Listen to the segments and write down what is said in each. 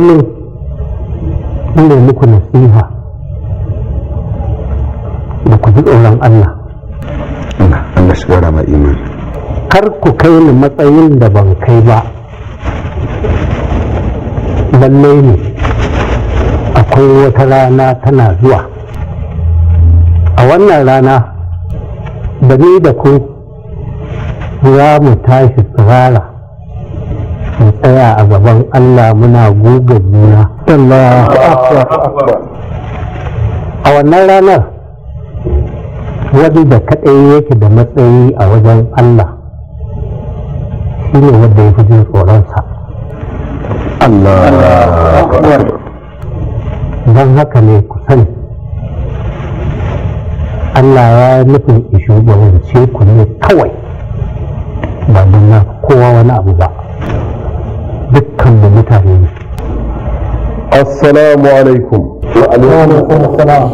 kullum ina muku nasiha da ku ji tsoron Allah Allah shi gara ma kar ku kai ni matsayin da ban kai ba lallai ne akwai wata rana tana zuwa a wannan rana da ni da ku za mu tashi tsirara mu tsaya a gaban Allah muna goga juna a wannan ranar wani da kaɗai yake da matsayi a wajen Allah shi ne wanda ya fi jin tsoronsa don haka ne kusan Allah ya nufin ishu ba wance ku ne kawai ba don na kowa wani abu ba dukkan mu mutane ne assalamu alaikum wa alaikum assalam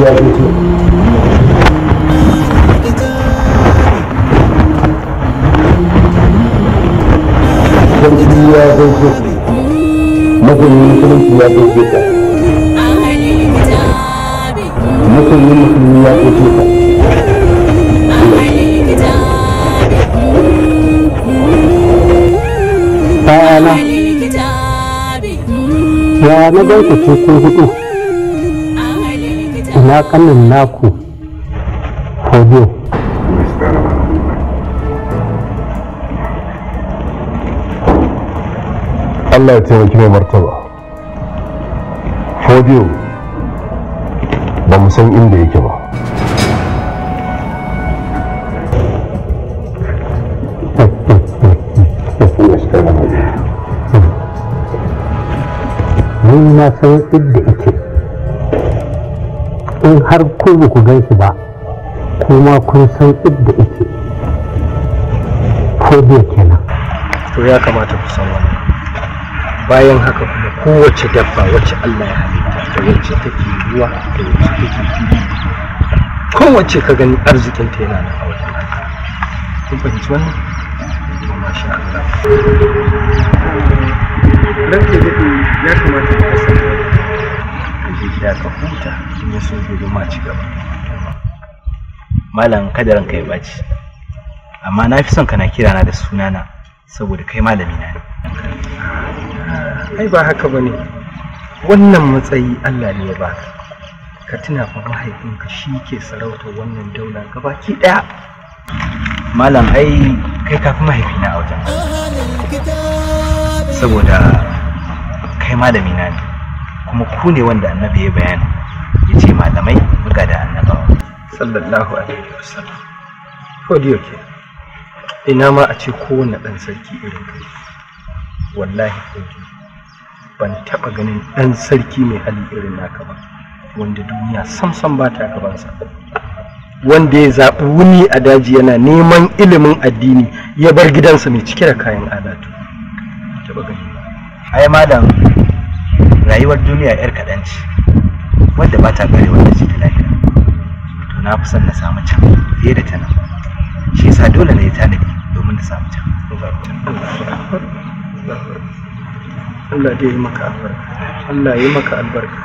Thank you. ya gaishe mafi musulunci ya gaishe ta musulmi musulmi ya ce tuka bayana ya na ko hudu ina kanin naku fodiyo Allah ya taimaki mai martaba. Fodiyo san inda yake ba na san inda yake in har ku ba ku gan shi ba kuma kun san inda yake ko biya kenan to ya kamata ku san wannan bayan haka kuma kowace dabba wacce Allah ya ta ke ruwa da ta ke fili kowace ka gani arzikin ta yana da hawa kun fahimci wannan to masha Allah ke dade ya kamata ka san ka je gida ka huta in ya so gobe ma ci gaba malam kadaran ranka ya baci amma na fi son kana kira na da sunana saboda kai malami na ne ai ba haka bane wannan matsayi Allah ne ya baka ka tuna fa mahaifinka shi ke sarauta wannan daula gabaki daya malam ai kai kafi mahaifina a wajen saboda kai malami na ne kuma ku ne wanda annabi ya bayani ya ce malamai buga da annabawa sallallahu alaihi wasallam ko dio ke ina ma a ce kowane ɗan sarki irin kai wallahi ko dio ban taɓa ganin ɗan sarki mai hali irin naka ba wanda duniya samsam ba ta gabansa wanda ya zaɓi wuni a daji yana neman ilimin addini ya bar gidansa mai cike da kayan adatu. taɓa gani ai madam rayuwar duniya yar kaɗan ce wadda ba ta gare wanda ce ta lafiya to na fi son na samu can fiye da ta nan shi yasa dole na yi tanadi domin na samu can Allah dai maka albarka Allah ya maka albarka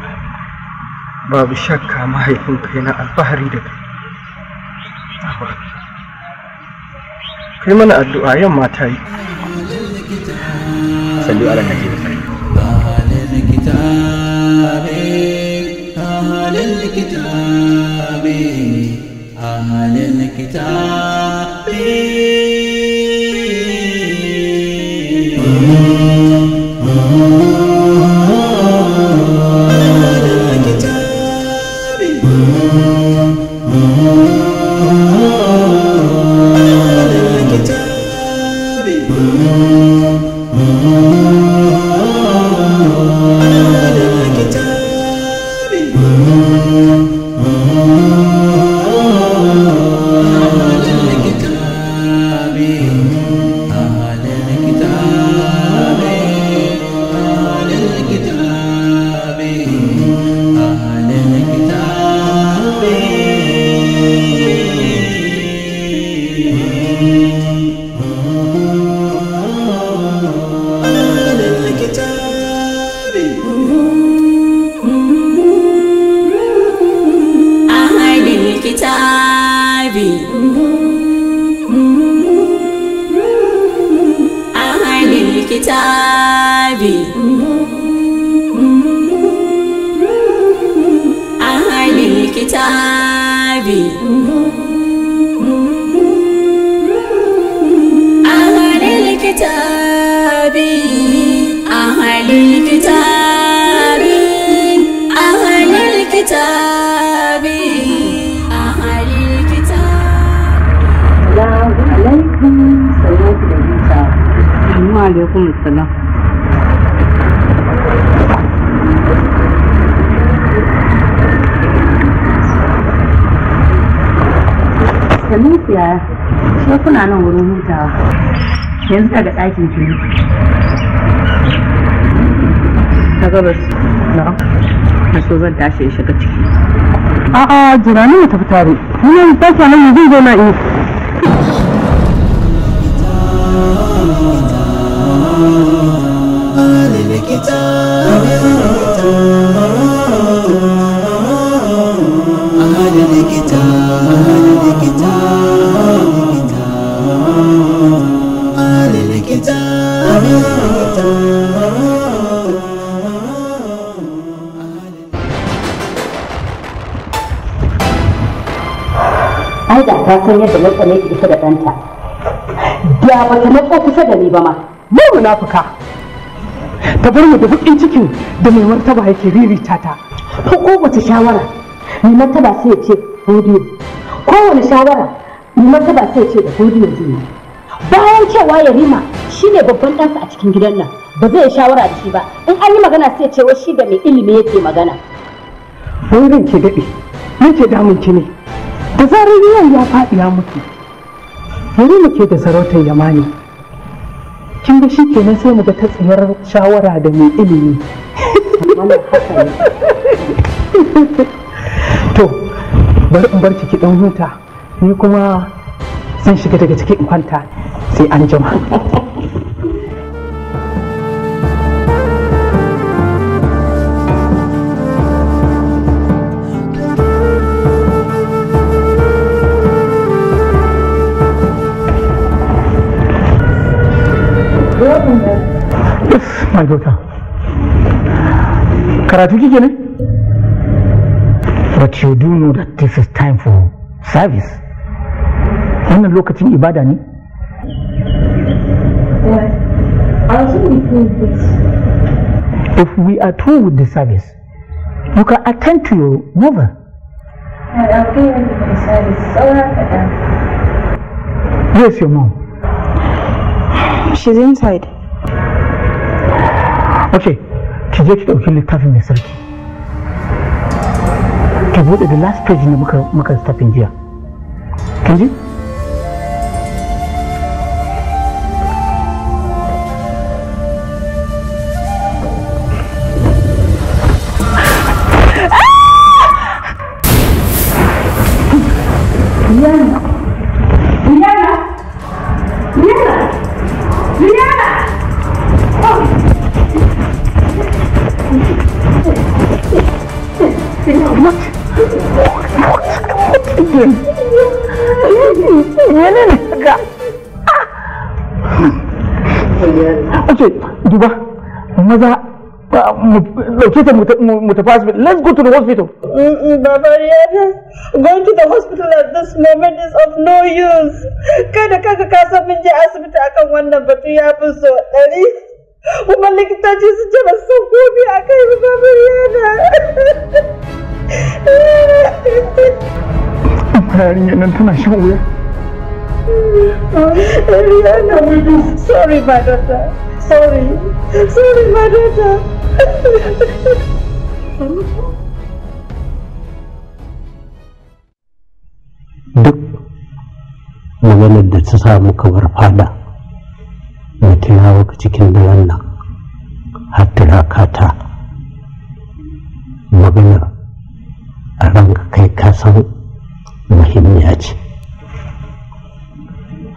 babu shakka mahaifinka yana alfahari da kai kai mana addu'a 'yan mata yi sallu ala nabi أهل الكتاب nan wurin hutawa yanzu daga ɗakin ki ta gabas na so zan tashi ya shiga ciki a'a jira ne mu tafi tare ni ne ta mu zai zo na iya ai da ta san yadda na tsane ta ita da ɗanta da ba ta matso kusa da ni ba ma mu munafuka ta bar mu da bakin cikin da mai martaba yake ririta ta ko wace shawara mai martaba sai ya ce godiyo kowane shawara mai martaba sai ya ce da godiyo zai bayan cewa ya rima shi ne babban ɗansa a cikin gidan nan ba zai shawara da shi ba in an yi magana sai ce shi da mai ilimi yake magana sauran ki daɗe yake damun ki ne da zarar yau ya faɗi ya mutu wuri muke da sarautar yamani kin ga shi kenan sai mu ga ta tsayar shawara da mai ilimi to bari in bar ki dan huta ni kuma zan shiga daga cikin kwanta sai an jima kyauta karatu kike ne but you do know that this is time for service wannan lokacin ibada ne if we are through with the service you can attend to your mother Where's your mom? She's inside. ta ce ki je ki ɗauki littafin mai sarki ki buɗe da last page ne muka muka jiya kin ji ماذا لو كنت متفاسد let's go to the hospital بابا ريادة going to the hospital at this moment is of no use كان كاكا كاسا من جي أسبت أكا وانا بطو يا بسو أري وما لك تاجي سجل السفوبي أكا يا بابا ريادة أمهاري أنا أنت ناشوية Sorry, my daughter. Sorry. Sorry, my daughter. Duk maganar da ta samu kamar fada mai tunawa cikin da nan har turakata maganar a ranka kai kasan muhimmiya ce.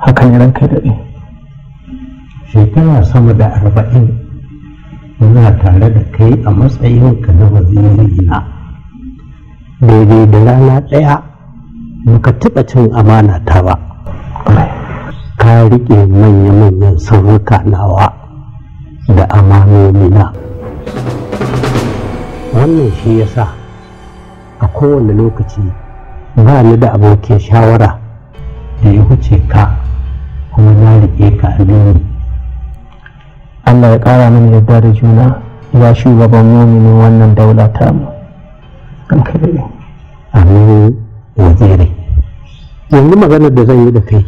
Hakan ya ranka daɗi. shekara sama da arba'in muna tare da kai a matsayinka na wazirina daidai da rana ɗaya muka taɓa cin amana ta ba ka riƙe manya-manyan sarruka nawa da amanonina wannan shi yasa a kowane lokaci ba ni da abokin shawara da ya wuce ka kuma na riƙe ka amini Allah ya ƙara mana yadda da juna ya shugaban muminin wannan daula ta mu kai yanzu maganar da zai yi da kai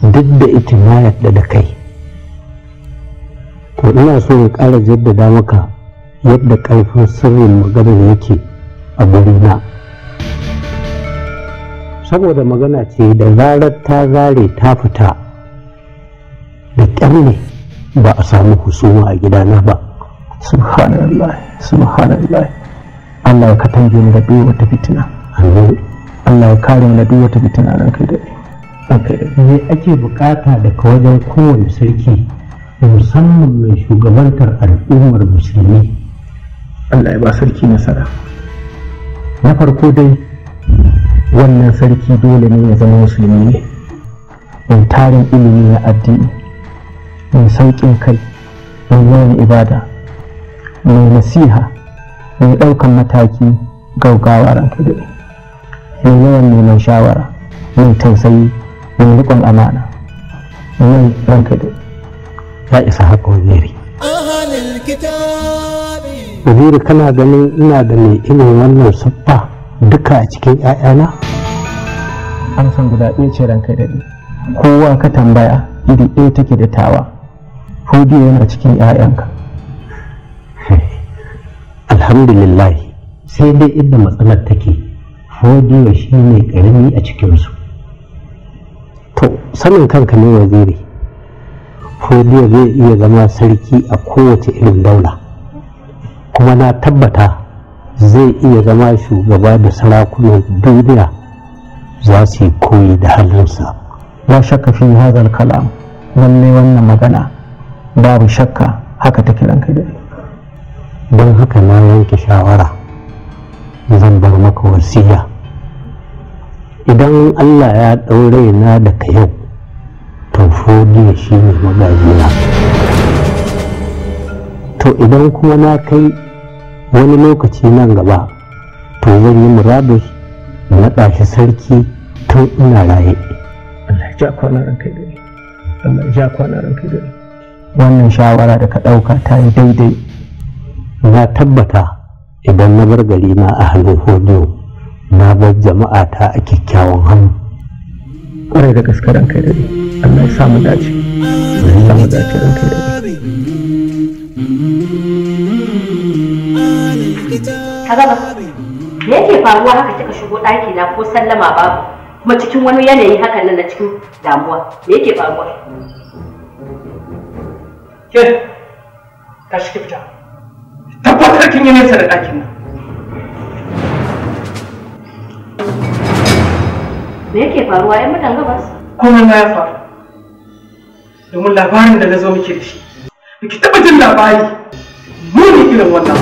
duk da ita na yadda da kai ko ina so ya ƙara jaddada maka yadda ƙarfin sirrin maganar yake a na saboda magana ce da zarar ta zare ta fita da ƙyar ne ba a samu husuma a gidana ba subhanallah subhanallah Allah ya katange ni da duk wata fitina amin Allah ya kare ni da duk wata fitina nan kai da me ake bukata daga wajen kowane sarki musamman mai shugabantar al'ummar musulmi Allah ya ba sarki nasara na farko dai wannan sarki dole ne ya zama musulmi ne tarin ilimi na addini mai sauƙin kai mai yawan ibada mai nasiha mai ɗaukan mataki gaugawa ranka daɗe mai yawan neman shawara mai tausayi mai riƙon amana mai ranka daɗe ya isa haka wani Naziru kana ganin ina da mai irin wannan siffa duka a cikin 'ya'yana? An san guda ɗaya ce ranka daɗi, Kowa ka tambaya iri ɗaya take da tawa. fodiyo yana cikin 'ya'yanka alhamdulillah sai dai inda matsalar take fodiyo shi ne ƙarami a cikinsu to sanin kanka ne waziri fodiyo zai iya zama sarki a kowace irin daula kuma na tabbata zai iya zama shugaba da sarakunan duniya za su yi koyi da halinsa ba shakka fi hadha kalam lalle wannan magana babu shakka haka ta kiran da dai don haka na yanke shawara zan bar maka wasiya idan allah ya ɗaure na daga yau to fodiya shi ne magajina to idan kuma na kai wani lokaci nan gaba to zan yi murabus naɗa shi sarki tun ina raye Allah ya ja kwanan ranka da Allah ya ja kwanan ranka da wannan shawara da ka ɗauka ta yi daidai na tabbata idan na bar gari na a halin hodiyo na bar jama'a ta a kyakkyawan hannu ƙwarai da kaskaren kai daɗi allah ya samu dace ya samu dace ran kai daɗi kaga me yake faruwa haka kika shigo ɗaki na ko sallama babu kuma cikin wani yanayi hakan nan na cikin damuwa me yake faruwa ke tashi ki fita tabbatar kin yi nesa da ɗakin nan me yake faruwa yan mutan gabas Kuma na ya faru domin labarin da na zo muke da shi ki taɓa jin labari muni irin wannan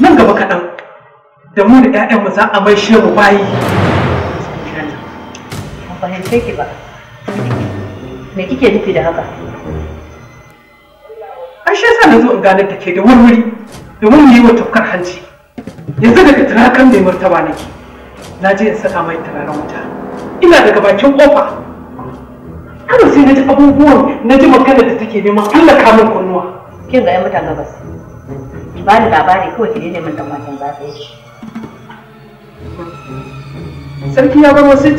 nan gaba kaɗan da mu da 'ya'yanmu za a mai shi mu bayi fahimce ki ba me kike nufi da haka ai shi yasa na zo in gane da ke da wurwuri domin mu yi wa tafkar hanci yanzu daga turakan mai martaba nake na je in saka mai turaren wuta ina daga bakin kofa Kada sai na ji abubuwan na ji magana da take neman Allah ka min kunnuwa kin ga 'yan mutan gabas ki ba ni labari kawai ki daina min dan wancan zafi sarki ya bar wasu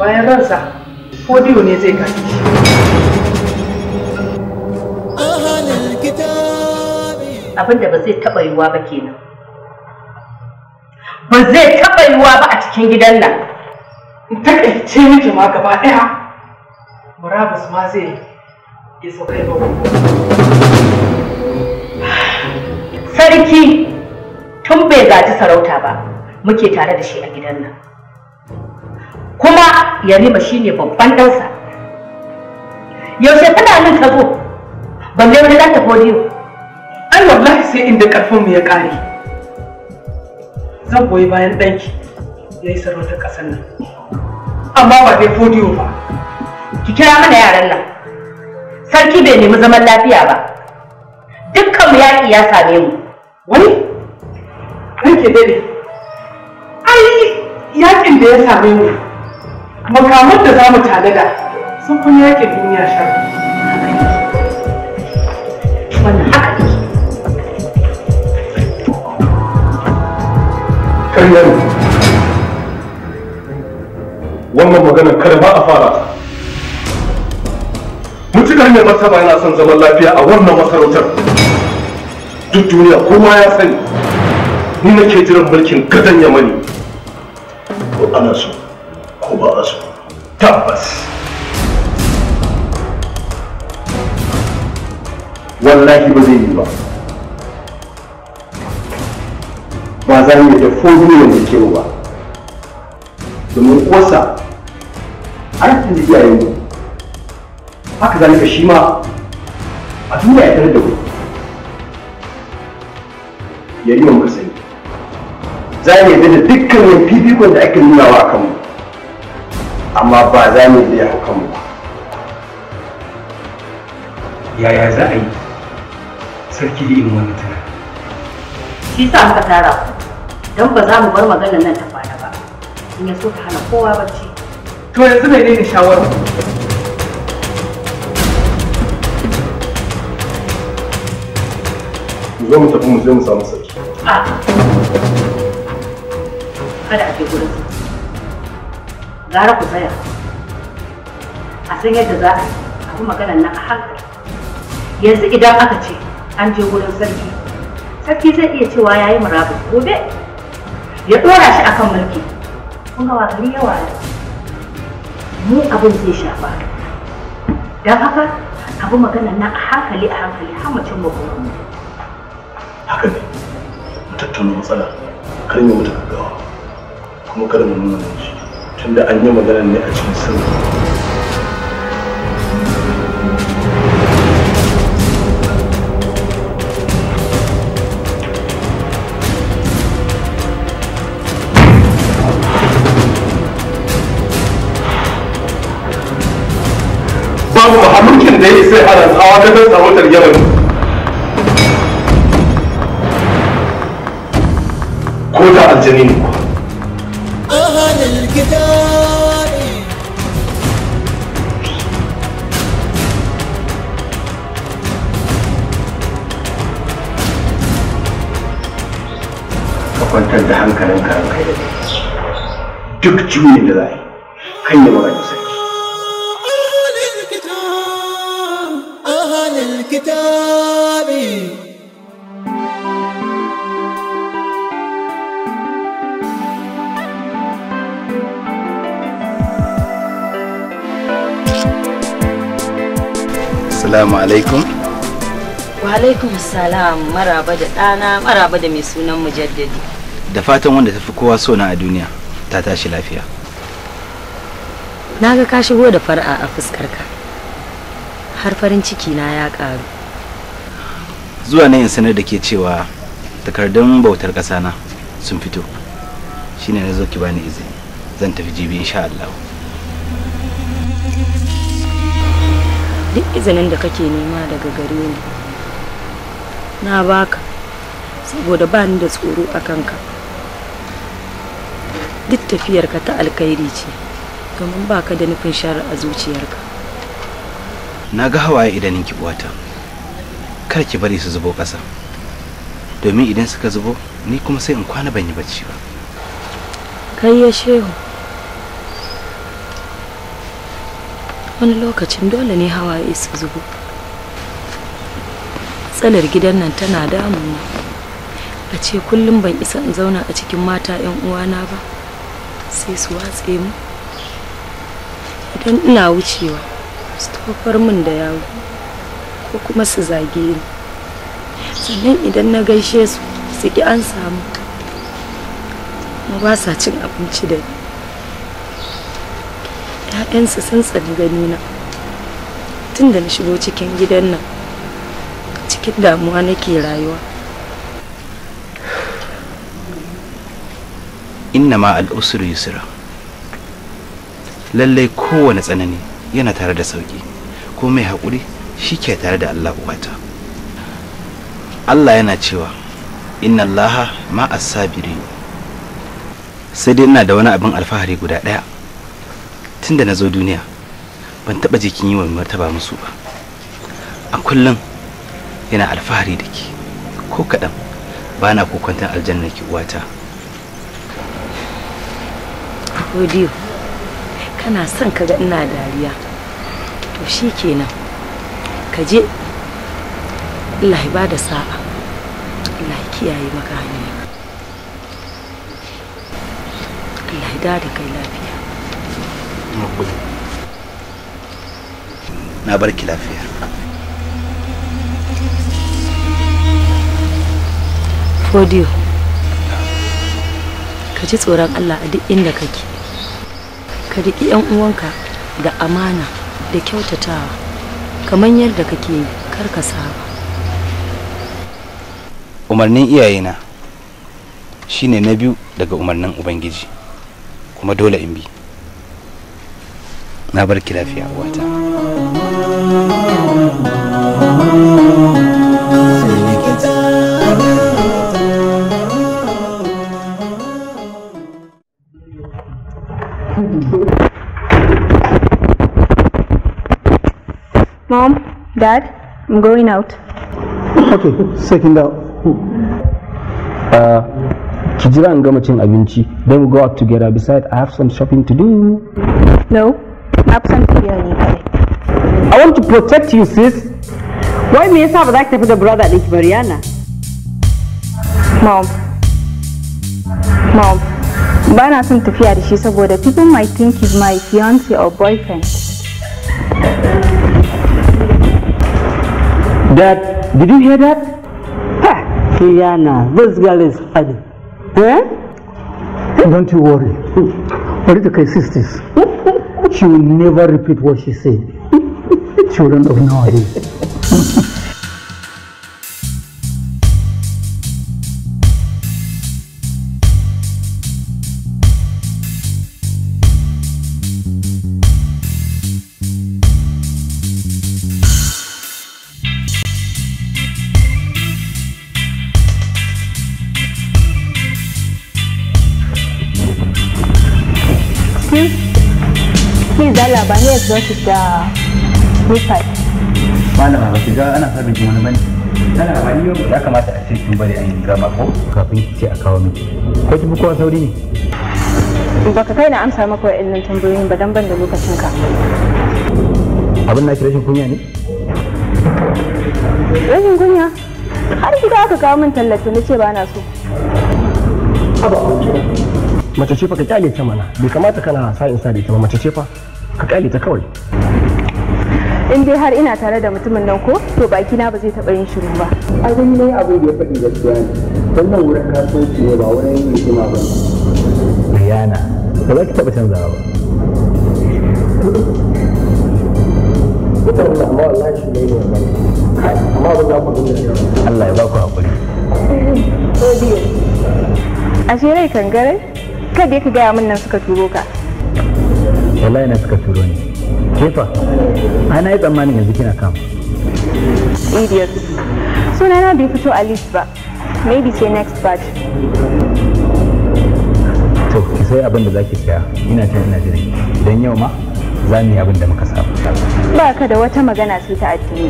bayan ransa fodiyo ne zai shi. abin da ba zai taɓa yiwuwa ba kenan ba zai taɓa yiwuwa ba a cikin gidan nan takaice miki ma gaba ɗaya murabus ma zai yi so kai ba sarki tun bai gaji sarauta ba muke tare da shi a gidan nan kuma yarima shine babban ɗansa yaushe tana nan ka zo balle wani za ta podiyo ai wallahi sai inda karfin mu ya kare zan goyi bayan ɗanki ya yi sarautar ƙasar nan amma ba dai podiyo ba ki kira mana yaran nan sarki bai nemi zaman lafiya ba dukkan yaƙi ya same mu wani ranke dade ai yaƙin da ya same mu makaman da za mu tanada sun kuma yaƙin duniya shan ƙarya ne wannan maganar ba a fara mutunan mai martaba yana son zaman lafiya a wannan masarautar duk duniya kowa ya sani ni nake jiran mulkin gadon yamani ko ana so ko ba a so tabbas wallahi ba zai yi ba ba za mu da ko miliyan da kewa ba domin kosa an da iyayen mu haka zalika shi ma a duniya ya tare da ku ya yi wa muka sani za mu yarda da dukkanin fifikon da ake nuna a kanmu amma ba za mu yarda ya kanmu ba yaya za a yi sarki da irin wannan tana? shi sa aka tara ku don ba za mu bar maganar nan ta kwana ba in ya so ta hana kowa bacci to yanzu mai nini shawara zo mu tafi mu je mu samu sarki a kada a je su gara ku tsaya a san yadda za a bi maganar nan a hankali yanzu idan aka ce an je wurin sarki sarki zai iya cewa ya yi murabus gobe ya dora shi akan mulki kun ga wakari yawa mu abin zai shafa don haka abu magana na a hankali a hankali har mu cin mu haka ne mu tattauna matsala kar mu mutu gaggawa kuma kada mu nuna shi tunda an yi magana ne a cikin sirri sai haram a ta kan sarautar yaman ko da aljani ne kuwa ka kwantar da hankalinka ranka duk juyin da za a yi kan yi magana sai كتابي Assalamu alaikum. Wa alaikum salam maraba da ɗana maraba da mai sunan mujaddadi. Da fatan wanda ta fi kowa sona a duniya ta tashi lafiya. Na ga ka shigo da fara'a a fuskar ka. har farin ciki na ya ƙaru zuwa na in sanar da ke cewa takardun bautar ƙasa na sun fito shine na zo ki bani izini zan tafi jibi insha Allah duk izinin da kake nema daga gare ni na baka saboda ba ni da tsoro a kanka duk tafiyarka ta alkhairi ce domin baka da nufin shara a zuciyarka na ga hawaye idanun ki uwata kar ki bari su zubo kasa domin idan suka zubo ni kuma sai in kwana ban yi bacci ba kai ya shehu wani lokacin dole ne hawaye su zubo tsalar gidan nan tana damuna a ce kullum ban isa in zauna a cikin mata 'yan uwana ba sai su watse mu idan ina wucewa su tofar min da yawo ko kuma su zage ni sannan idan na gaishe su su ki an samu ba sa cin abinci da ni ‘ya'yansu sun tsani ganina tun da na shigo cikin gidan nan cikin damuwa nake rayuwa inna ma al'usur yusra lallai kowane tsanani yana tare da sauki ko mai haƙuri shi ke tare da Allah uwata Allah yana cewa inna Allah ma asabiri sai dai ina da wani abin alfahari guda ɗaya tun da na zo duniya ban taɓa jikin yi wa martaba musu ba a kullum yana alfahari da ke ko kaɗan ba na kokwantar aljanna ki uwata. Godiyo. kana son kaga ina dariya to shi kenan ka je Allah ya bada sa'a Allah ya kiyaye maka hanya Allah ya dada kai lafiya na barki lafiya Fodiyo, ka ji tsoron Allah a duk inda kake. ka riƙi 'yan uwanka da amana da kyautatawa kamar yadda kake yi kar ka saba umarnin iyayena shine na biyu daga umarnin ubangiji kuma dole in bi na bar ki lafiya uwata Dad, I'm going out. Okay, second out. Uh, Kijira and Gamachin gama then we go out together besides i have some shopping to do no absent here ne i want to protect you sis Why me yasa ba like for the brother like Mariana mom mom ba na to fear. She's a brother. people might think he's my fiance or boyfriend that, did you hear that? Ha! this girl is funny. Eh? Don't you worry. Political sisters, she will never repeat what she said. Children of nowadays. za ki sha malama ba ki ga ana sa miki wani bane tana ba yau ya kamata a ce kin bari an yi gama ko kafin ki ce a kawo miki ko ki kowa sauri ne baka kai na amsa maka wa'annan tambayoyin ba dan ban da lokacin ka abin na ki rashin kunya ne rashin kunya har gida aka kawo min tallafi na ce ba na so mace ce fa ka kyale ta mana bai kamata kana sa in sa da ita ba mace ce fa ka kyale ta kawai in dai har ina tare da mutumin nan ko to baki na ba zai taɓa yin shiru ba a gani ne abu da ya faɗi gaskiya ne wannan wurin kasuwanci ne ba wurin yin hikima ba Rihanna ba za ki taɓa canza ba mutane amma wallahi shi ne ne amma ba za ku dinga Allah ya ba ku haƙuri ashe rai kangare kada ka gaya min nan suka turo ka wallahi na suka turo ne kefa ai na yi tsammanin yanzu kina kam idiot na bai fito a list ba maybe sai next batch to ki sai abin da zaki saya ina can ina jira idan yau ma za mu yi abin da muka saba ba ka da wata magana sai ta addini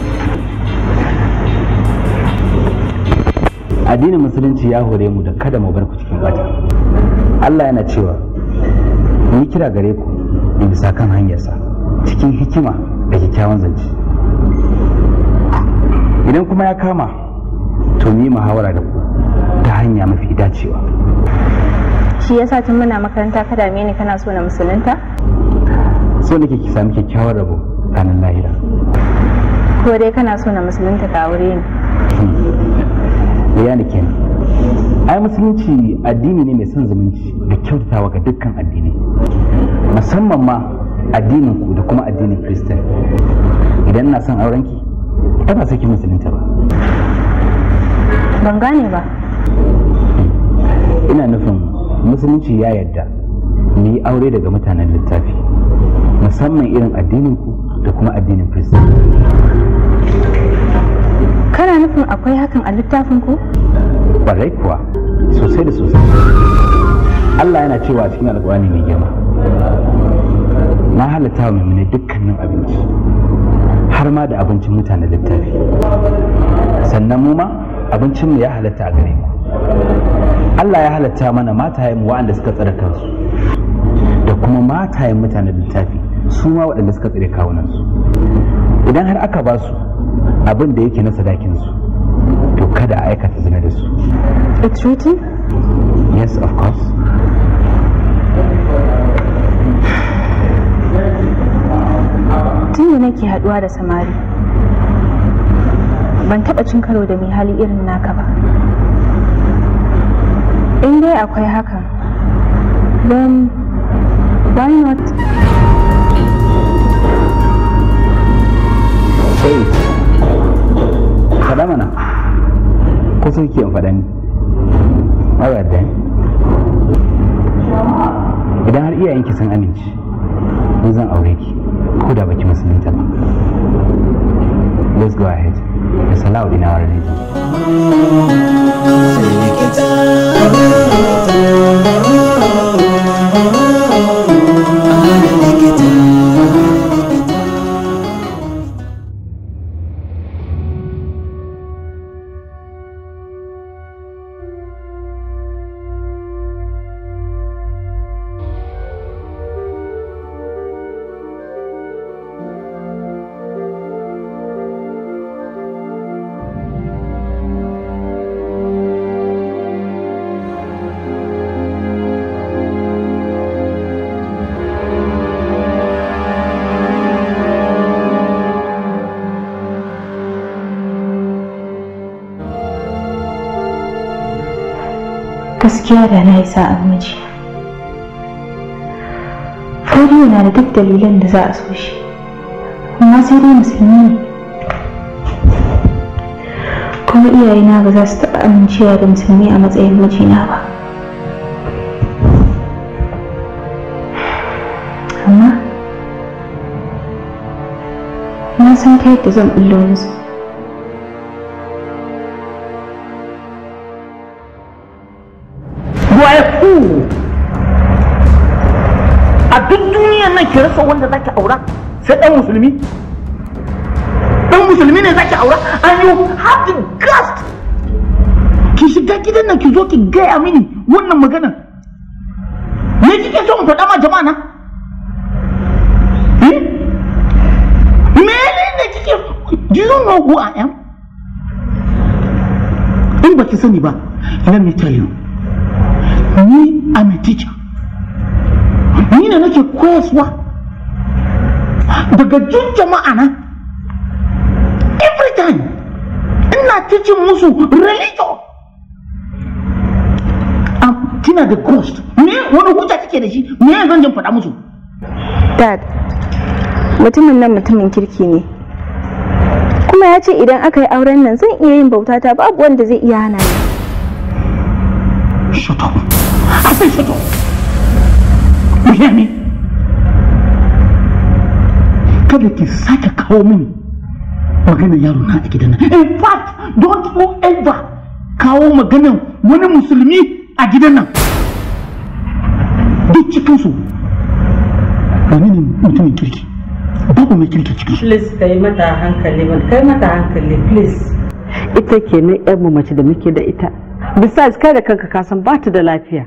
addinin musulunci ya hore mu da kada mu bar ku cikin wata Allah yana cewa mu kira gare ku da bisa kan hanyarsa cikin hikima da kyakkyawan zance idan kuma ya kama to ni muhawara da ku ta hanya mafi dacewa shi sa tun muna makaranta ka dame ni kana so na musulunta so nake ki sami kyakkyawan rabo kanin lahira ko dai kana so na musulunta ka aure ni da yana kenan ai musulunci addini ne mai son zumunci da kyautatawa ga dukkan addinai musamman ma addinin ku da kuma addinin kristan idan na son aurenki ta ba ki musulunta ba ban gane ba ina nufin musulunci ya yarda ni yi aure daga mutanen littafi musamman irin addinin ku da kuma addinin kristan kana nufin akwai hakan a littafin ku kwarai kuwa sosai da sosai Allah yana cewa cikin alƙur'ani mai girma na halatta wa mai dukkanin abinci har ma da abincin mutane littafi sannan mu ma abincinmu ya halatta a gare mu Allah ya halatta mana matayen waɗanda suka tsare kansu da kuma matayen mutane littafi su ma waɗanda suka tsare kawunansu idan har aka ba su abin da yake na sadakin su to kada a aikata zina da su It's written? Yes, of course. tun da nake haduwa da samari ban taba cin karo da mai hali irin naka ba in dai akwai hakan don why not hey eh, faɗa mana ko sun ke faɗa ni mara da idan har iyayenki sun amince zan aure ki ko da baki musulunta ba let's go ahead it's allowed in our religion gaskiya da na yi sa'an miji fodiyo na da duk dalilan da za a so shi amma sai dai musulmi ne kuma iyayena ba za su taɓa amincewa da musulmi a matsayin mijina ba amma na san ta yadda zan ɓullo musu so wanda zaki aura sai dan musulmi dan musulmi ne zaki aura and you have the guts ki shiga gidan nan ki zo ki gaya mini wannan maganar me kike so in faɗa ma jama'a na hmm? me ne ne kike do you know who I am in baki sani ba let me tell you ni am a teacher ni ne nake koyaswa jin jama'a na every time ina teaching musu religion kina da ghost me wani hujja kike da shi me zan faɗa musu dad mutumin nan mutumin kirki ne kuma ya ce idan aka yi auren nan zan iya yin bauta ta babu wanda zai iya hana ni shut up i shut up you hear me kada ki sake kawo mini magana yaro na a gidan nan in fact don't you ever kawo maganan wani musulmi a gidan nan duk cikinsu wani ne mutumin kirki babu mai kirki cikin su please kai mata hankali kai mata hankali please ita kenan yan mace da muke da ita besides kai da kanka kasan ba ta da lafiya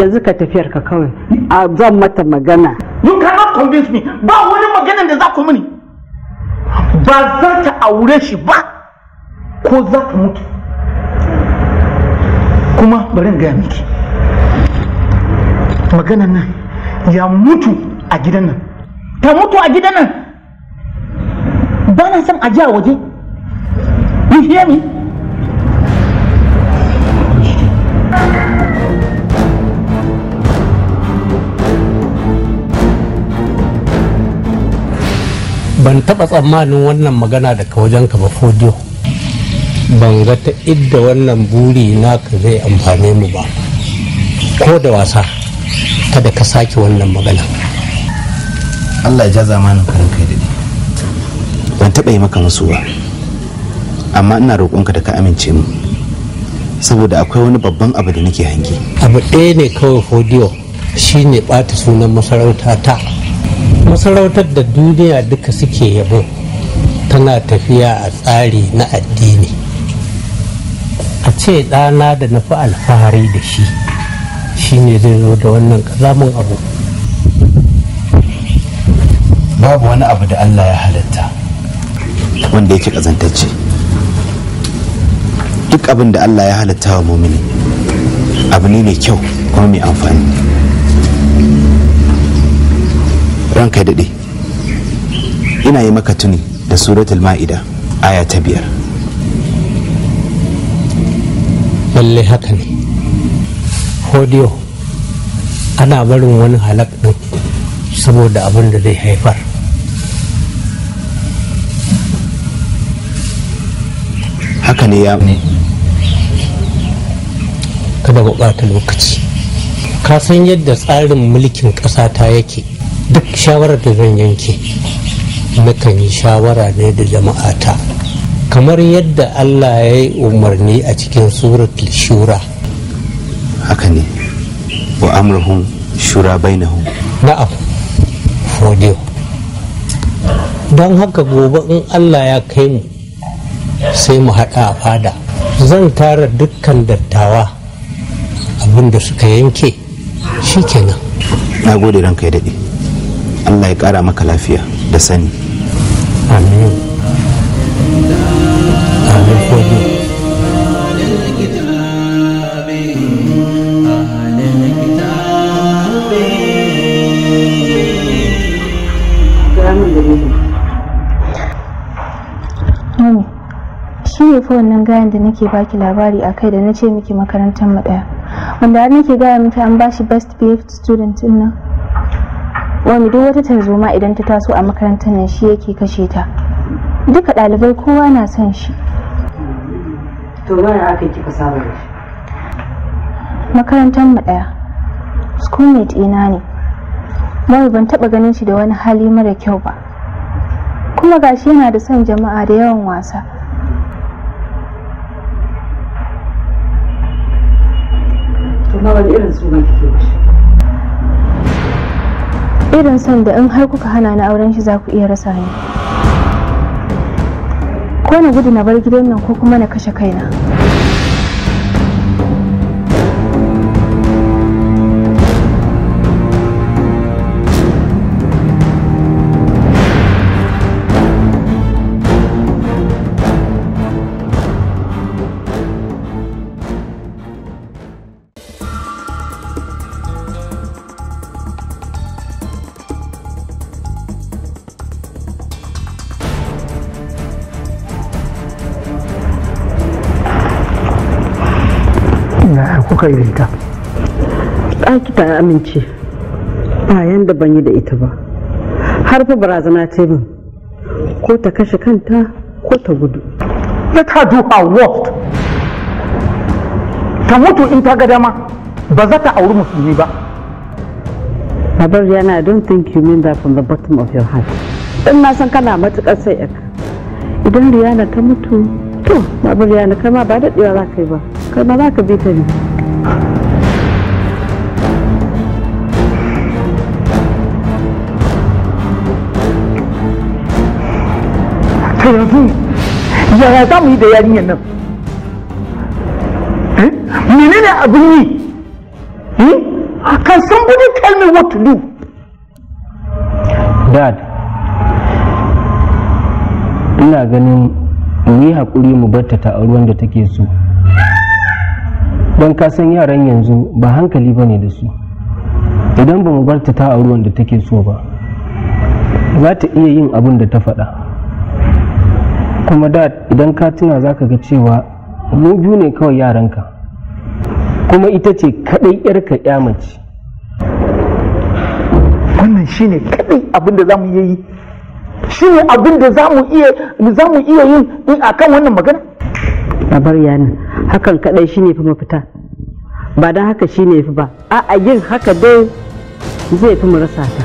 yanzu ka tafiyar ka kawai a zan mata magana you cannot convince me ba wani magana da za ku mini ba za ta aure shi ba ko za ta mutu kuma bari in gaya miki magana nan ya mutu a gidan nan ta mutu a gidan nan ba na son ajiya waje you hear me ban taba tsammanin wannan magana daga wajen ka ba fodiyo ban ga ta idda wannan buri naka zai amfane mu ba ko da wasa kada ka sake wannan magana Allah ya jaza mana karin kai da ban taba yi maka musu ba amma ina roƙonka da ka amince mu saboda akwai wani babban abu da nake hangi abu ɗaya ne kawai fodiyo shine ɓata sunan masarauta ta masarautar da duniya duka suke yabo tana tafiya a tsari na addini a ce ɗana da na fi alfahari da shi shi ne zai zo da wannan ƙazamin abu babu wani abu da allah ya halitta wanda yake ƙazantacce duk abin da allah ya halitta wa mumini abu ne mai kyau kuma mai amfani ranka ya daɗe ina yi maka tuni da suratul ma'ida aya ta biyar lalle haka ne hodiyo ana barin wani halak saboda abin da zai haifar haka ne ya ne kada ku ɓata lokaci ka san yadda tsarin mulkin ƙasa ta yake duk shawarar da zan yanke nakan yi shawara ne da jama'ata kamar yadda allah ya yi umarni a cikin surat shura haka ne wa amurhun shura bainahum na'am fodiyo don haka gobe in allah ya kai mu sai mu haɗa a fada zan tara dukkan dattawa abinda suka yanke shikenan na gode ranka ya daɗe allah ya kara maka lafiya da sani amin amin oh, shi ne fa wannan gayan da nake baki labari a kai da na ce miki makarantar mu daya wanda har nake gaya miki an bashi best behaved student din nan wani duk wata tarzoma idan ta taso a makarantar nan shi yake kashe ta duka ɗalibai kowa na son shi to wani aka kika saba da shi makarantar mu ɗaya schoolmate ina ne mai ban taɓa ganin shi da wani hali mara kyau ba kuma gashi yana da son jama'a da yawan wasa to wani irin su kike ba irin son da in har kuka hana ni auren shi za ku iya rasa ni ko na gudu na bar gidan nan ko kuma na kashe kaina kai yi ɗaki ta amince ba yanda ban yi da ita ba har fa barazana ce min ko ta kashe kanta ko ta gudu let her do her worst ta mutu in ta ga dama ba za ta auri musulmi ba Babar yana I don't think you mean that from the bottom of your heart. In na san kana matuƙar sai Idan Riyana ta mutu, to, Babar Riyana kai ma ba daɗewa za ka yi ba, kai ma za ka bi ta ne. can eh? hmm? somebody tell me what to do dad ina ganin mu yi haƙuri mu batta ta a ruwan da take so don ka san yaran yanzu ba hankali ba ne da su idan ba mu barta ta auri wanda take so ba za ta iya yin abin da ta faɗa kuma da idan ka tuna za ka ga cewa mu biyu ne kawai yaranka kuma ita ce kaɗai yarka ya mace wannan shi ne kaɗai abin da za mu iya yi ne abin da za mu iya yin a kan wannan magana a bar yanin hakan kadai shine fi mafita ba don haka shine fi ba a a yin haka dai zai fi mu rasa ta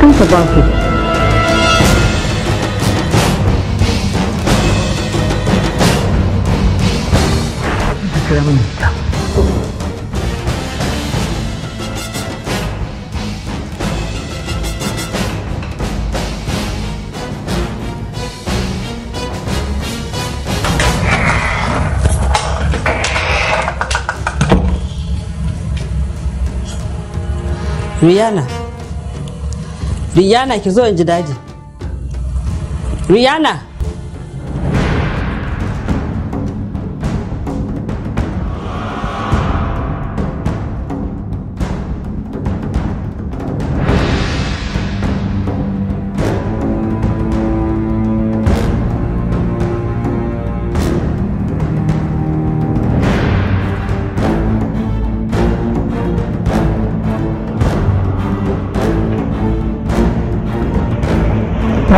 kanka ba ku Gracias. riyana Rihanna ki zo in ji daji. Rihanna.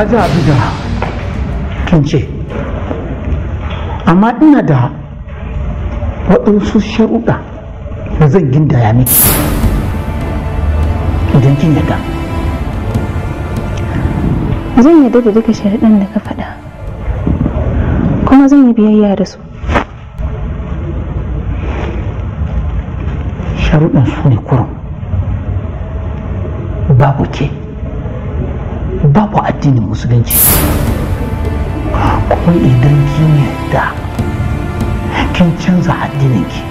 a bi da kin amma ina da waɗansu sharuɗa da zan gindaya miki idan kin yadda zan yadda da duka sharuɗan da ka faɗa kuma zan yi biyayya da su sharuɗan su ne kurum babu ke babu addinin musulunci kuma idan kin yarda kin canza addinin ki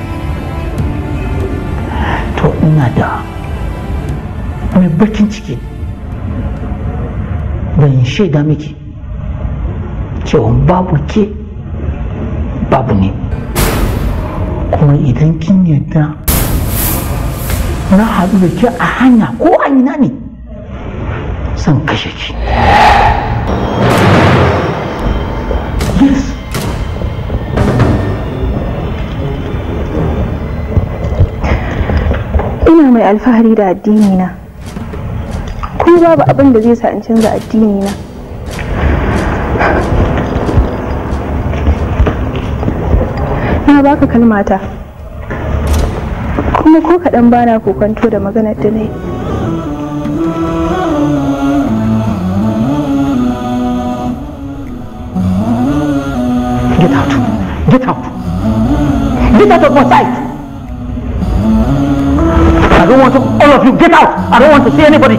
to ina da mai bakin ciki ban shaida miki cewa babu ke babu ne kuma idan kin yarda na haɗu da ke a hanya ko a ina ne son kashe ki ina mai alfahari da addini na ko babu abin da zai sa in canza addini na na baka kalmata kuma ko kaɗan bana kokanto da maganar da na yi Get out. Get out. Get out of my sight. I don't want to, all of you, get out. I don't want to see anybody.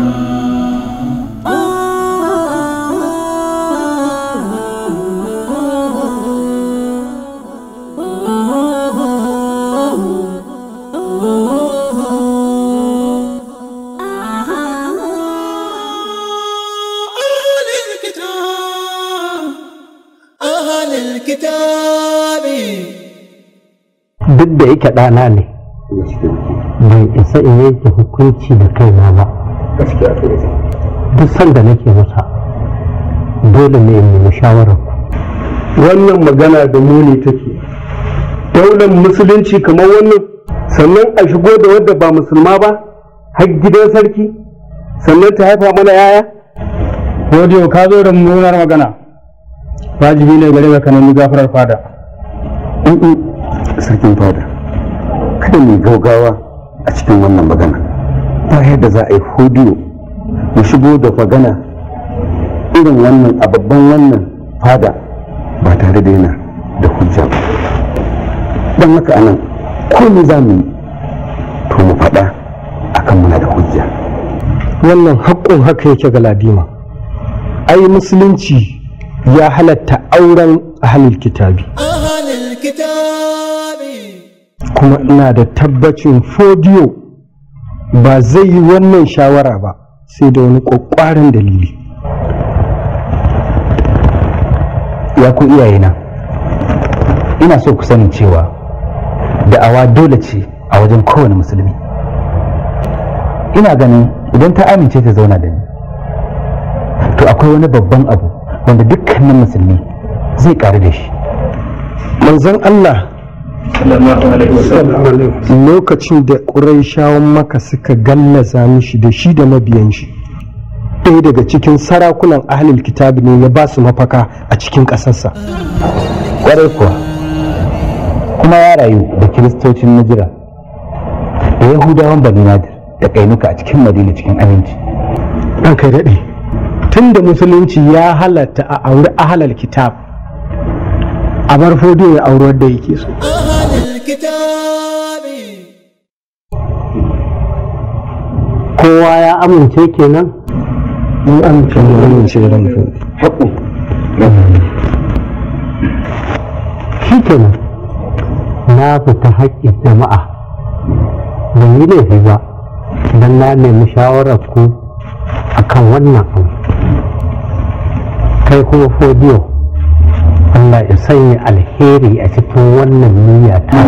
yake ɗana ne bai isa in yanke hukunci da kaina ba duk sanda nake masa dole ne in nemi shawarar wannan magana da muni take daular musulunci kamar wannan sannan a shigo da wadda ba musulma ba har gidan sarki sannan ta haifa mana yaya godiyo ka zo da munar magana wajibi ne gare ka nemi gafarar fada sarkin fada kada mu gaugawa a cikin wannan magana ta yadda za a yi hudiyo mu shigo da magana irin wannan a babban wannan fada ba tare da yana da hujja ba don haka anan komai za mu yi to mu faɗa kan muna da hujja wannan haƙƙon haka yake ga ladima ai musulunci ya halatta auren ahalil kitabi ahalil kitabi kuma ina da tabbacin fodiyo ba zai yi wannan shawara ba sai da wani kwakwaran dalili ya ku iyayena ina so ku sani cewa da'awa dole ce a wajen kowane musulmi ina ganin idan ta amince ta zauna da ni to akwai wani babban abu wanda dukkanin musulmi zai ƙaru da shi manzon Allah lokacin da shawon maka suka gallaza mishi da shi da mabiyan shi ɗaya daga cikin sarakunan ahlul kitabi ne ya ba su mafaka a cikin ƙasarsa ƙwarai kuwa kuma ya rayu da kiristocin najira da yahudawan bani nadir da ƙainuka a cikin madina cikin aminci ɗan kai daɗe tun da musulunci ya halatta a auri ahlul kitab a bar fodiyo ya auri wadda yake so kowa ya amince kenan ni amince mun amince da ranfin shi kenan na fita haƙƙin jama'a ban yi laifi ba don na nemi shawarar ku akan wannan abu kai kuma fodiyo Allah ya sanya alheri a cikin wannan niyya ta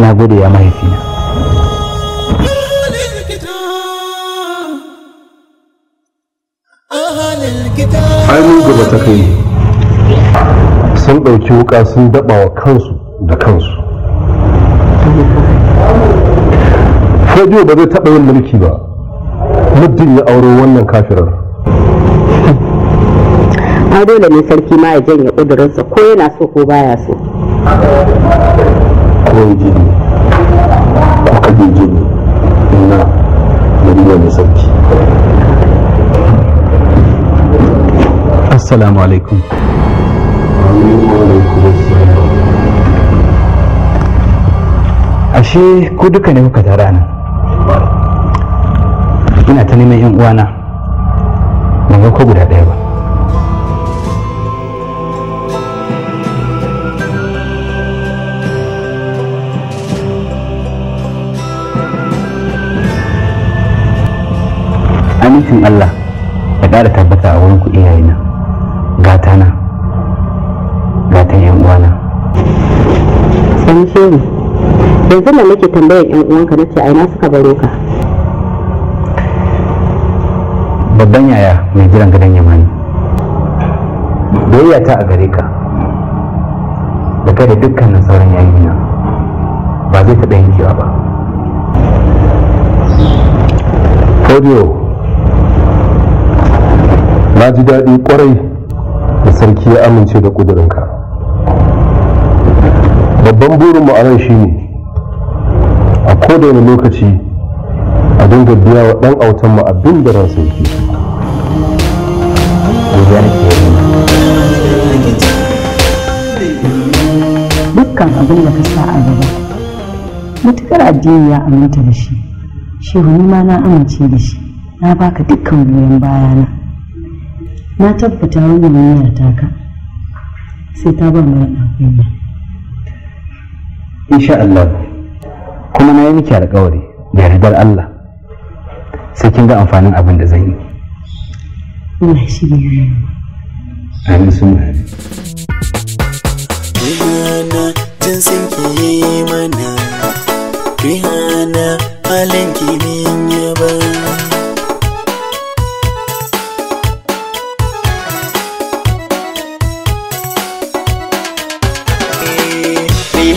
na gode ya mahaifina ai mun gaba ta kai sun ɗauki wuka sun daɓa wa kansu da kansu fadiyo ba zai taɓa yin mulki ba muddin ya auro wannan kafirar ai dole ne sarki ma ya janye kudurinsa ko yana so ko baya so ko jini ko assalamu alaikum ashe ku duka ne kuka tara nan ina ta neman yan uwana ban ga ko guda ɗaya ba amincin Allah ya ƙara tabbata a wurin ku iyayena gata na gatan yan uwana sani shehu yanzu da nake tambayar yan uwanka na ce aina suka baro ka babban yaya mai jiran gadon yamani biyayya ta a gare ka da kai da dukkanin sauran yayina ba zai taɓa yankewa ba Audio na ji daɗi ƙwarai da sarki ya amince da ƙudurinka babban burinmu a nan ne, a kodawane lokaci a dinga biya wa ɗan autanmu abin da ransa yake dukkan abin da ka sa a gaba matukar addini ya aminta da shi shehu ma na amince da shi na baka dukkan goyon bayana na tabbata wannan wayar taka sai ta ba mara ɗakunya insha Allah kuma na yi miki alƙawari da yardar Allah sai kin ga amfanin abin da zan yi Allah shi ne amin sun Rihanna jin sun ki mana Rihanna halin ki ya bani.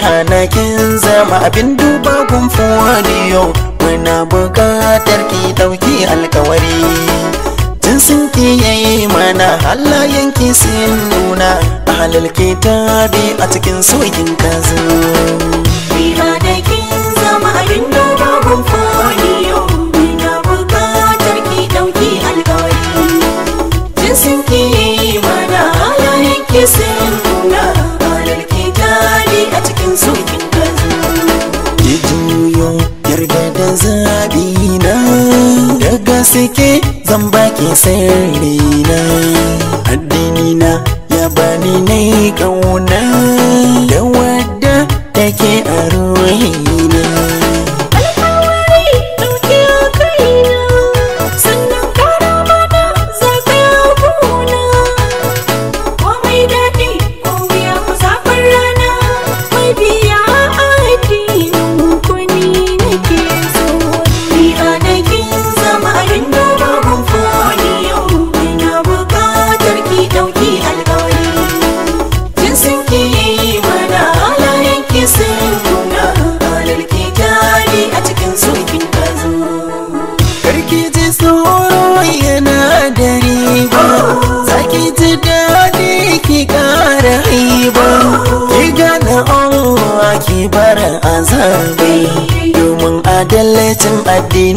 hanakin zama abin duba kun wani yau muna buƙatar ki ɗauki alkawari sun ki yayi mana halayen ki sun nuna a ki ta bi a cikin soyin kazu Bira zama abin muna yanzu zaɓina daga gaske zan baki addini addinina ya bani ne पति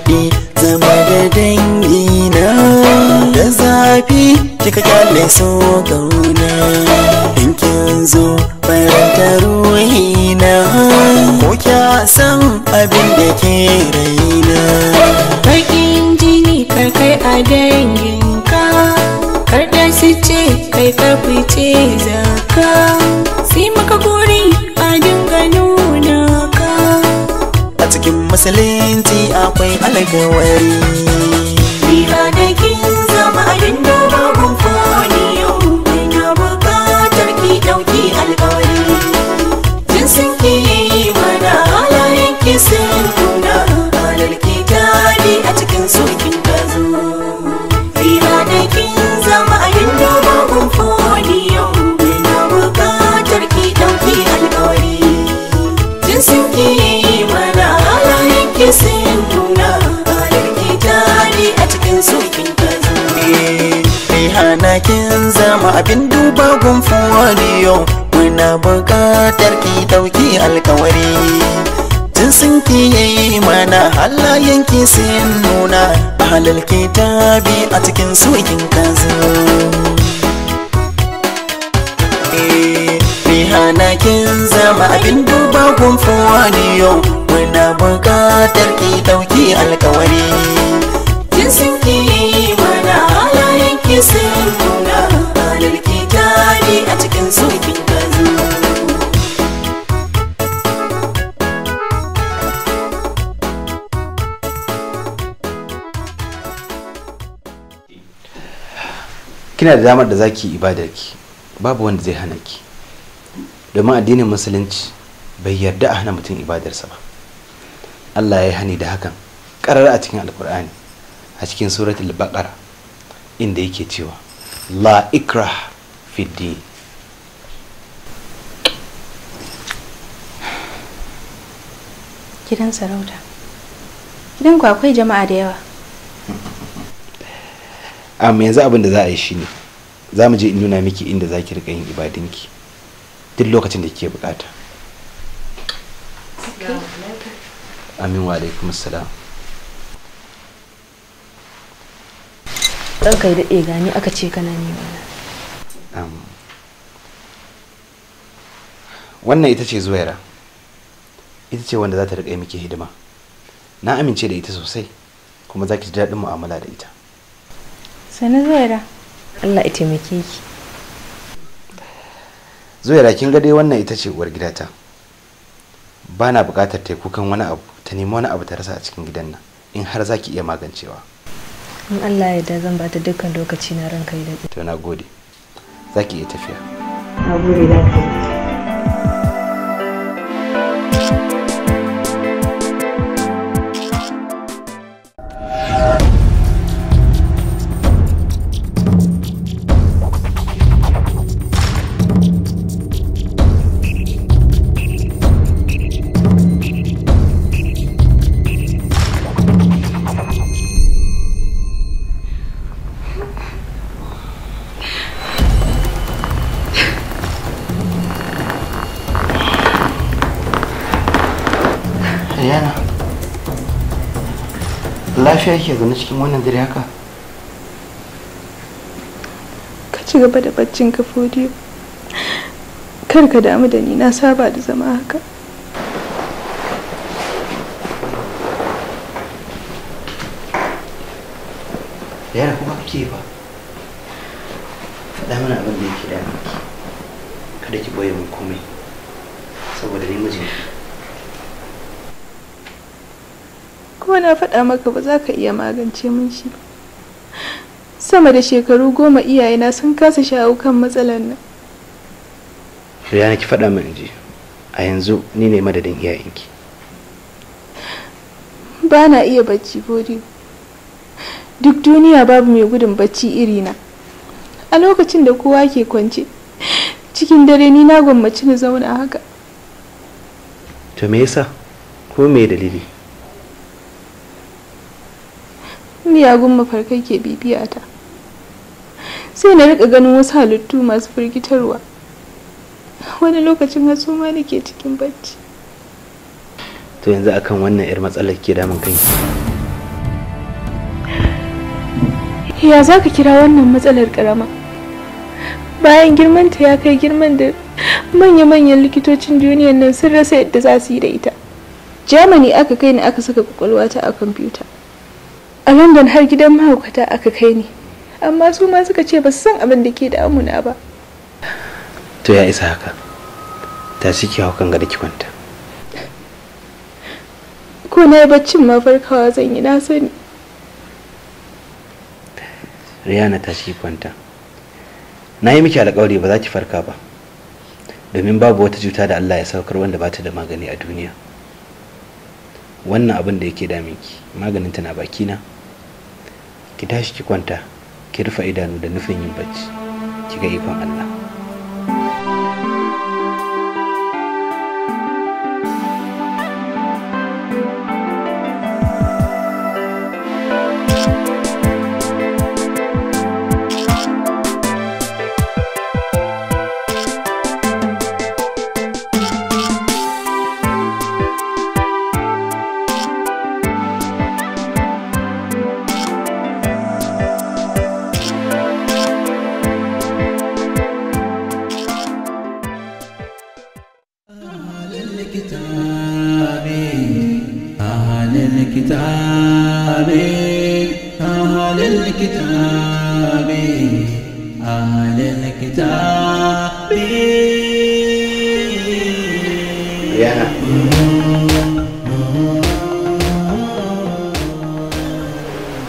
daɗi zama da dangi na da zafi kika kyale so gauna in kin zo bayan ta na ko kya san abin da ke raina bakin jini karkai a danginka karɗa su ce kai ce za zaka sai maka gori a dinga nuna ka a cikin masalinti I the way. abin duba gun yau muna buƙatar ki ɗauki alkawari jinsin ki yayi mana ki sun nuna a halalki ta bi a cikin sukin kansu Rihana eh, kin zama abin duba gun yau muna buƙatar ki ɗauki alkawari jinsin ki yayi mana ki sun nuna kina da damar da za ki ibadarki babu wanda zai hana ki domin addinin musulunci bai yarda a hana mutum ibadarsa ba Allah ya hani da hakan karar a cikin alkur'ani a cikin suratul baqara inda yake cewa la ikrah fi din gidan sarauta gidan ku akwai jama'a da yawa amma yanzu abin da za a yi shine za mu je in nuna miki inda za ki riƙa yin ibadinki duk lokacin da kike bukata amin wa alaikum salam ɗan kai daɗe gani aka ce kana nema wannan ita ce zuwaira ita ce wanda za ta riƙa miki hidima na amince da ita sosai kuma za ki ji daɗin mu'amala da ita Sani Zuwaira. Allah ya taimake ki. Zuwaira kin ga dai wannan ita ce uwar gidata. Ba na bukatar ta kukan wani abu, ta nemi wani abu ta rasa a cikin gidan nan in har za ki iya magancewa. In Allah ya da zan ba ta dukkan lokaci na ranka yi da To na gode. Za ki iya tafiya. Na gode da lafiya ke zaune cikin wannan dare haka ka ci gaba da baccin ka fodiyo kar ka damu da ni na saba da zama haka Yana kuma kake ba faɗa maka ba za ka iya magance min shi ba. sama da shekaru goma iyayena sun kasa shawo kan matsalar nan ya ki faɗa min ji a yanzu ni ne madadin iyayenki ba na iya bacci bodi duk duniya babu mai gudun bacci na. a lokacin da kowa ke kwance cikin dare ni na gwammaci na zauna haka to me yasa ko me dalili miyagun mafarkai ke bibiyata sai na rika ganin wasu halittu masu firgitarwa wani lokacin hasu ma nake cikin bacci to yanzu akan wannan 'yar matsalar ke damun kanki ya za ka kira wannan matsalar karama bayan girmanta ya kai girman da manya-manyan likitocin duniyar nan sun rasa yadda za su yi da ita germany aka kai ni aka saka kwakwalwata a kwamfuta a london har gidan mahaukata aka kai ni amma su ma suka ce ba san abin da ke damuna ba to ya isa haka ta ciki haukan ga da ki kwanta ko na yi baccin ma farkawa zan yi na sani riyana ta ciki kwanta na yi miki alkawari ba za ki farka ba domin babu wata cuta da allah ya saukar wanda ba ta da magani a duniya wannan abin da yake ki maganin tana na ki tashi ki kwanta ki rufe idanu da nufin yin bacci ki ga ikon Allah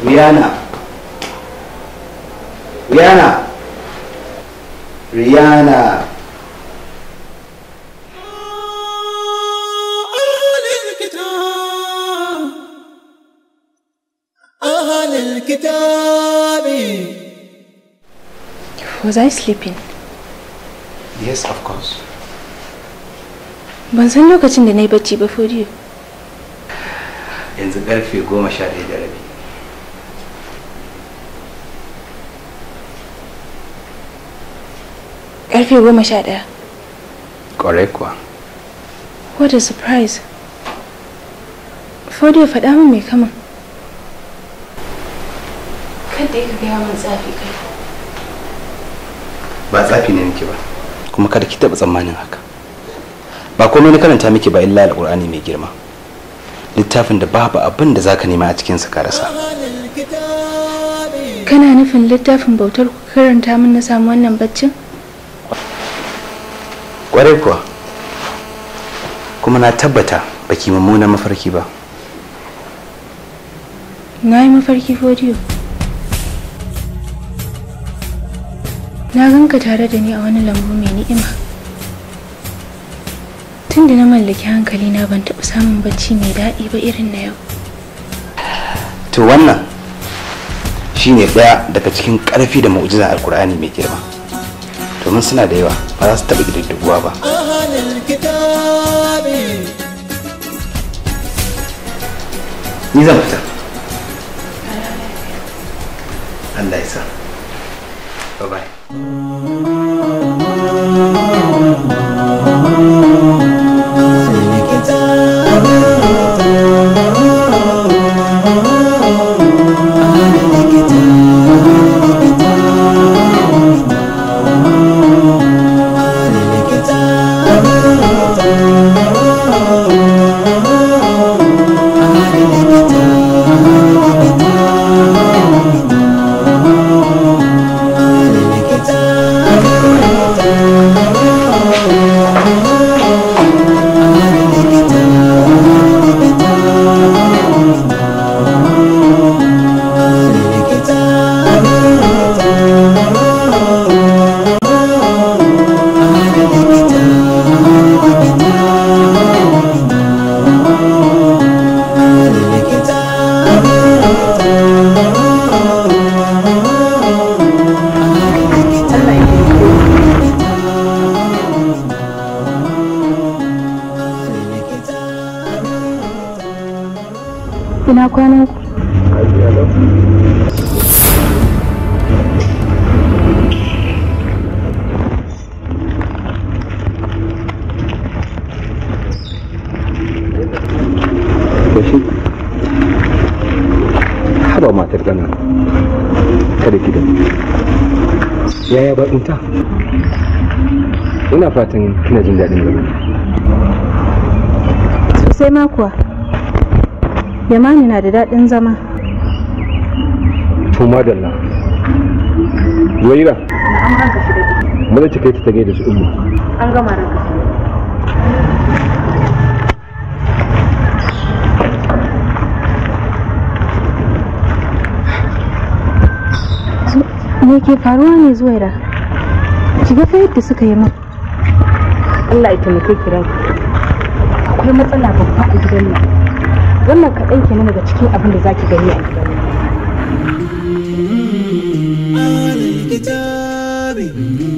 Rihanna. Rihanna. Rihanna. Was I sleeping? Yes, of course. ban san lokacin da na yi bacci ba fodiyo yanzu karfe goma sha ɗaya da rabi karfe goma sha ɗaya ƙwarai kuwa what a surprise fodiyo faɗa min mai kama kada ka gaya min tsafi kai ba tsafi ne nake ba kuma kada ki taɓa tsammanin haka ba komai na karanta miki ba illa alqur'ani mai girma littafin da babu abin da zaka nema a cikin sa ka rasa kana nufin littafin bautar ku karanta min na samu wannan baccin kwarai kuwa kuma na tabbata baki mummunan mafarki ba na yi mafarki fodiyo na ganka tare da ni a wani lambu mai ni'ima tun da na mallaki hankali na ban taɓa samun bacci mai daɗi ba irin na yau to wannan shine ɗaya daga cikin ƙarfi da mu'jizan alkur'ani mai girma domin suna da yawa ba za su taɓa ƙididdigowa ba ni zan fita Allah ya sa fatan kina jin daɗin gaba sosai ma kuwa yamani na da daɗin zama da madalla zuwaira maza ki kai ki ta gaida su umma an gama ranka me ke faruwa ne zuwaira ki ga fa yadda suka yi min Allah ya taimake ki rai akwai matsala babba a gidan nan wannan kaɗan ne daga cikin abin da zaki gani a gidan nan